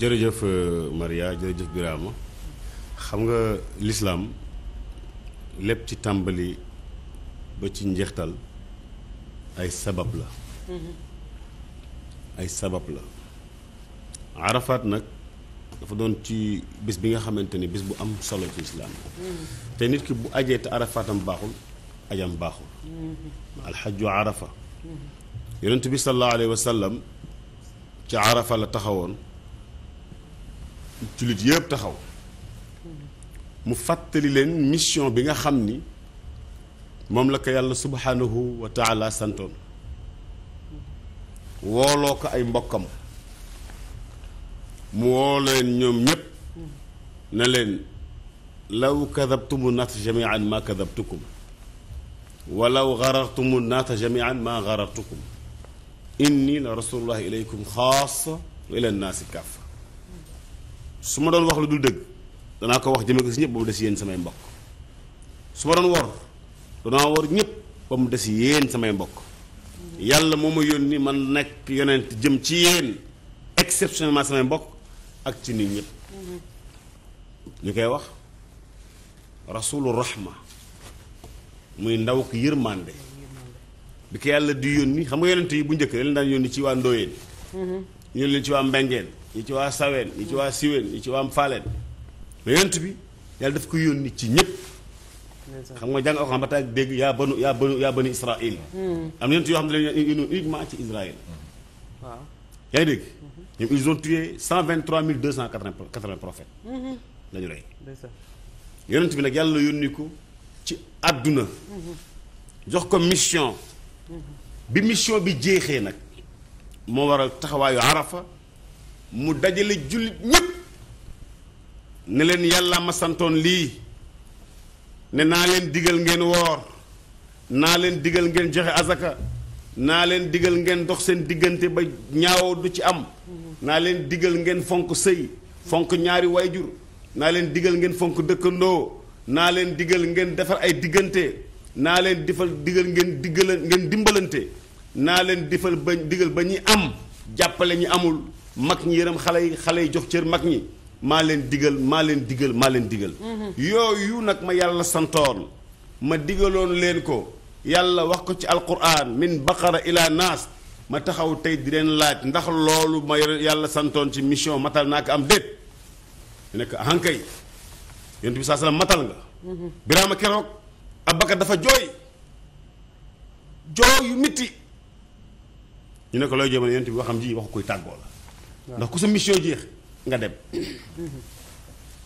jërëjëf euh, Maria jërëjëf Birama xam nga lislaam lépp ci tàmbali ba ci njeextal ay sabab la mm-hmm. ay sabab la Arafat nag dafa doon ci bis bi nga xamante ni bis bu am solo ci lislaam mm-hmm. te nit ki bu ajee te Arafatam baaxul ajam baaxul mm-hmm. alxaju Arafa yonent bi sallallahu alayhi wa ci Arafa la taxawoon jullit yëpp taxaw mu fàttali leen mission bi nga xam ni moom la ko yàlla subhaanahu wa taala santoon wooloo ko ay mbokkam mu woo leen ñoom ñépp ne leen law kadabtumu naata jamian maa kadabtukum walaw garartumu naata jamian maa garartukum inni la rasulullahi ilaykum xaasa wa ila nnaasi kaafa su ma doon wax lu dul dégg danaa ko wax jëme ko si ñëpp ba mu des yéen samay mbokk su ma doon wor danaa wor ñëpp ba mu des yéen samay mbokk yàlla moom ma yónni man nekk yonent jëm ci yéen exceptionnellement samay mbokk ak ci nit ñëpp ñu koy wax rasulu rahma muy ndaw ko yërmande bi ko yàlla di yónni xam nga yonent yi bu njëkk leen daan yónni ci waa ndóoyeen mhm. yónni leen ci waa mbengeen ñu ci waa saween ñi ci waa siween ñi ci waa faaleen mais yonent bi yàlla def ko yónni ci ñëpp xam nga jàng alxuraan ba tax dégg yaa banu yaa banu yaa banu israil hmm. am na yonent yoo xam ne leen yónni ci israël waaw yaa ngi dégg ñoom ils ont tué cent vingt trois mille deux cent quatre-vingts prophètes hmm. la rey yonent bi nag yàlla yónni ko ci àdduna hmm. jox ko mission bi mission bi jeexee nag moo waral taxawaayu arafa mu dajale jullit ñépp ne leen yàlla ma santoon lii ne naa leen digal ngeen woor naa leen digal ngeen joxe azaka naa leen digal ngeen dox seen diggante ba ñaawoo du ci am naa leen digal ngeen fonk sëy fonk ñaari waajur naa leen digal ngeen fonk dëkkandoo naa leen digal ngeen defar ay diggante naa leen difal digal ngeen diggala ngeen dimbalante naa leen difal ba digal ba ñi am jàppale ñi amul mag ñi yërëm xale yi xale yi jox cër mag ñi maa leen diggal maa leen digal maa leen digal mhm. yooyu nag ma yàlla santoon ma diggaloon leen ko yàlla wax ko ci alquran min baqara ila naas ma taxaw tey di leen laaj ndax loolu ma yàlla santoon ci mission matal naa ko am déet ñu nekk hankay yonent bi saa salaam matal nga mhm. biraama keroog abakar dafa jooy jooy yu mitti ñu ne ko looy jooy ma ne yonent bi waxam ji waxu koy tàggoo la ndax ku sa mission jeex nga dem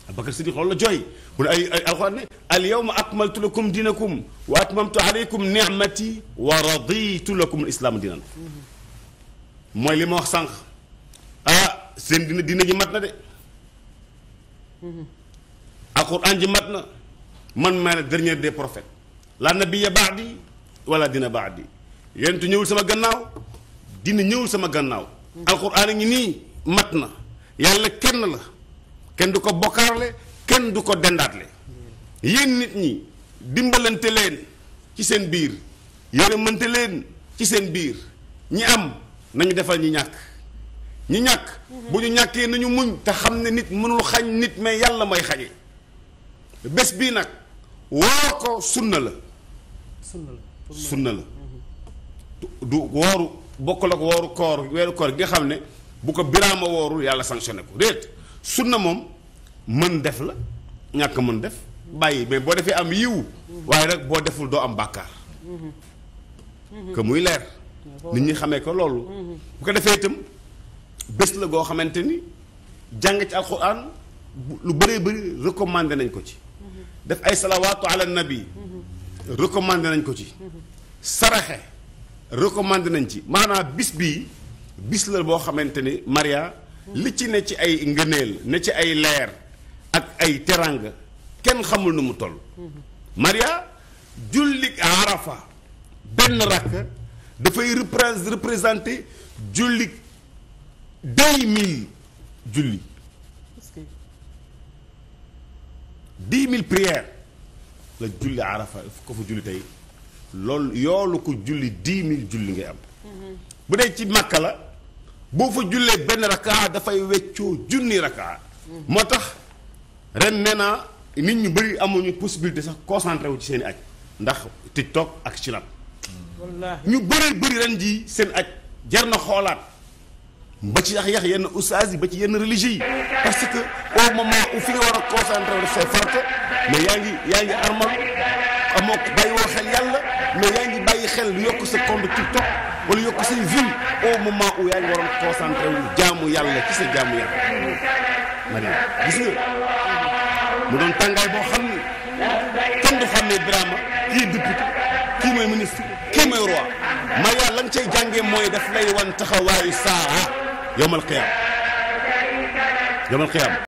Abubakar Siddiq loolu la jooy mu ne ay ay alxuraan ne al yawma akmaltu lakum dinakum wa atmamtu alaykum ni'mati wa raditu lakum islaama dinan mooy li ma wax sànq ah seen dina dina ji mat na de alxuraan ji mat na man maa ne dernier des prophètes la nabiya baadi wala dina baadi yonentu ñëwul sama gannaaw dina ñëwul sama gannaaw alxuraan a ngi nii mat na yàlla kenn la kenn du ko bokkaarle kenn du ko dendaatle yéen nit ñi dimbalante leen ci seen biir yërëmante leen ci seen biir ñi am nañu defal ñi ñàkk ñi ñàkk bu ñu ñàkkee nañu muñ te xam ne nit mënul xañ nit mais yàlla may xañe bés bii nag woor ko sunna la sunna la du wooru bokkul ak wooru koor weeru koor gi xam ne bu ko biraama woorul yàlla sanctionné ko déet na moom mën def la ñàkk mën def bàyyi mais boo defee am yiwu waaye rek boo deful doo am bàkkaar que muy leer nit ñi xamee ko loolu bu ko defee itam bés la goo xamante ni jàng ci alxuraan lu bëree bëri recommandé nañ ko ci def ay salawaatu ala nabi recommandé nañ ko ci saraxe recommandé nañ ci maanaam bis bii bis la boo xamante ni Maria li ci ne ci ay ngëneel ne ci ay leer ak ay teranga kenn xamul nu mu toll Maria julli Arafa benn rakk dafay repré représenter julli deux mille julli dix mille prières la julli Arafa ko fa julli tey loolu yoolu ko julli dix mille julli ngay am mm-hmm. bu dee ci Makka la boo fa jullee benn rakka dafay weccoo junni rakka moo tax ren nee naa nit ñu bëri amuñu possibilité sax concentré wu ci seen i aj ndax TikTok ak Snap ñu bëree bëri ren ji seen aj jar na xoolaat ba ci yax-yax yenn oustaz yi ba ci yenn religieux yi parce que au ma où fi nga war a concentré wu def say farata mais yaa ngi yaa ngi armal amoo bàyyi woo xel yàlla mais yaa ngi bàyyi xel yokk sa compte TikTok wala yokk say vues au moment où yaa ngi waroon concentré wu jaamu yàlla ci sa jaamu yàlla. Mariam doon tàngaay boo xam ne kenn du xam ne Birama kii député kii mooy ministre kii mooy roi Mariam lan cay jàngee mooy daf lay wan taxawaayu saa yowmal qiyaam yowmal qiyaam